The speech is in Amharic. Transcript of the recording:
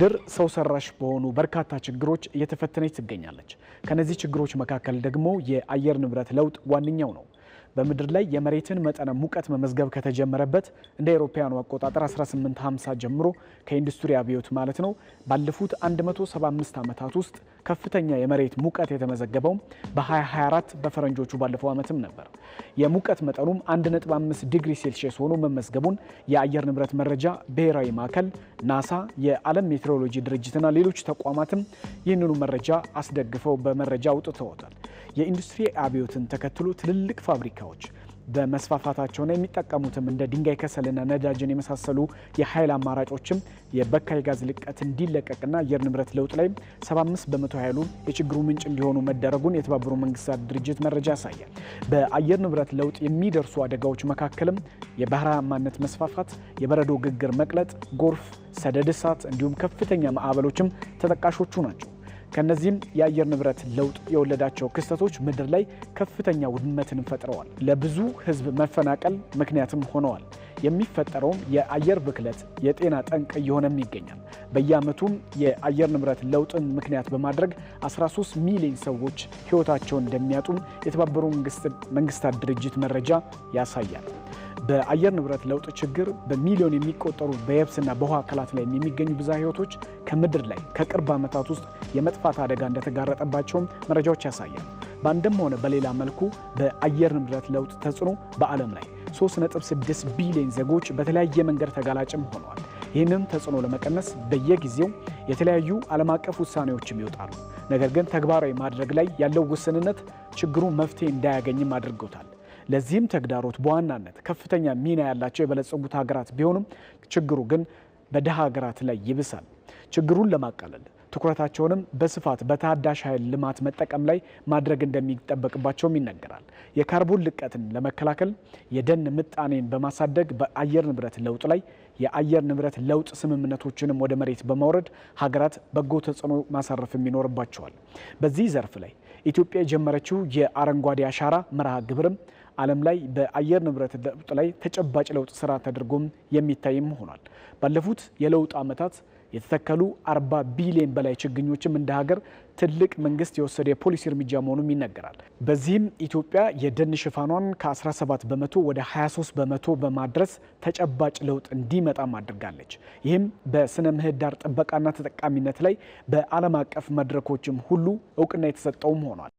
ምድር ሰው ሰራሽ በሆኑ በርካታ ችግሮች እየተፈተነች ትገኛለች። ከነዚህ ችግሮች መካከል ደግሞ የአየር ንብረት ለውጥ ዋነኛው ነው። በምድር ላይ የመሬትን መጠነ ሙቀት መመዝገብ ከተጀመረበት እንደ አውሮፓውያኑ አቆጣጠር 1850 ጀምሮ ከኢንዱስትሪ አብዮት ማለት ነው ባለፉት 175 ዓመታት ውስጥ ከፍተኛ የመሬት ሙቀት የተመዘገበውም በ2024 በፈረንጆቹ ባለፈው ዓመትም ነበር። የሙቀት መጠኑም 1.5 ዲግሪ ሴልሺየስ ሆኖ መመዝገቡን የአየር ንብረት መረጃ ብሔራዊ ማዕከል ናሳ፣ የዓለም ሜትሮሎጂ ድርጅትና ሌሎች ተቋማትም ይህንኑ መረጃ አስደግፈው በመረጃ አውጥተውታል። የኢንዱስትሪ አብዮትን ተከትሎ ትልልቅ ፋብሪካዎች በመስፋፋታቸውና የሚጠቀሙትም እንደ ድንጋይ ከሰልና ነዳጅን የመሳሰሉ የኃይል አማራጮችም የበካይ ጋዝ ልቀት እንዲለቀቅና አየር ንብረት ለውጥ ላይ 75 በመቶ ኃይሉ የችግሩ ምንጭ እንዲሆኑ መደረጉን የተባበሩ መንግስታት ድርጅት መረጃ ያሳያል። በአየር ንብረት ለውጥ የሚደርሱ አደጋዎች መካከልም የበረሃማነት መስፋፋት፣ የበረዶ ግግር መቅለጥ፣ ጎርፍ፣ ሰደድ እሳት እንዲሁም ከፍተኛ ማዕበሎችም ተጠቃሾቹ ናቸው። ከነዚህም የአየር ንብረት ለውጥ የወለዳቸው ክስተቶች ምድር ላይ ከፍተኛ ውድመትን ፈጥረዋል፣ ለብዙ ህዝብ መፈናቀል ምክንያትም ሆነዋል። የሚፈጠረውም የአየር ብክለት የጤና ጠንቅ እየሆነም ይገኛል። በየዓመቱም የአየር ንብረት ለውጥን ምክንያት በማድረግ 13 ሚሊዮን ሰዎች ህይወታቸውን እንደሚያጡም የተባበሩ መንግስታት ድርጅት መረጃ ያሳያል። በአየር ንብረት ለውጥ ችግር በሚሊዮን የሚቆጠሩ በየብስና በውሃ አካላት ላይ የሚገኙ ብዝሃ ሕይወቶች ከምድር ላይ ከቅርብ ዓመታት ውስጥ የመጥፋት አደጋ እንደተጋረጠባቸውም መረጃዎች ያሳያል። በአንድም ሆነ በሌላ መልኩ በአየር ንብረት ለውጥ ተጽዕኖ በዓለም ላይ 3.6 ቢሊዮን ዜጎች በተለያየ መንገድ ተጋላጭም ሆነዋል። ይህንን ተጽዕኖ ለመቀነስ በየጊዜው የተለያዩ ዓለም አቀፍ ውሳኔዎችም ይወጣሉ። ነገር ግን ተግባራዊ ማድረግ ላይ ያለው ውስንነት ችግሩ መፍትሄ እንዳያገኝም አድርገውታል። ለዚህም ተግዳሮት በዋናነት ከፍተኛ ሚና ያላቸው የበለጸጉት ሀገራት ቢሆኑም ችግሩ ግን በድሃ ሀገራት ላይ ይብሳል። ችግሩን ለማቃለል ትኩረታቸውንም በስፋት በታዳሽ ኃይል ልማት መጠቀም ላይ ማድረግ እንደሚጠበቅባቸውም ይነገራል። የካርቦን ልቀትን ለመከላከል የደን ምጣኔን በማሳደግ በአየር ንብረት ለውጥ ላይ የአየር ንብረት ለውጥ ስምምነቶችንም ወደ መሬት በማውረድ ሀገራት በጎ ተጽዕኖ ማሳረፍ ይኖርባቸዋል። በዚህ ዘርፍ ላይ ኢትዮጵያ የጀመረችው የአረንጓዴ አሻራ መርሃ ግብርም ዓለም ላይ በአየር ንብረት ለውጥ ላይ ተጨባጭ ለውጥ ስራ ተደርጎም የሚታይም ሆኗል። ባለፉት የለውጥ ዓመታት የተተከሉ 40 ቢሊዮን በላይ ችግኞችም እንደ ሀገር ትልቅ መንግስት የወሰደ የፖሊሲ እርምጃ መሆኑም ይነገራል። በዚህም ኢትዮጵያ የደን ሽፋኗን ከ17 በመቶ ወደ 23 በመቶ በማድረስ ተጨባጭ ለውጥ እንዲመጣም አድርጋለች። ይህም በስነ ምህዳር ጥበቃና ተጠቃሚነት ላይ በዓለም አቀፍ መድረኮችም ሁሉ እውቅና የተሰጠውም ሆኗል።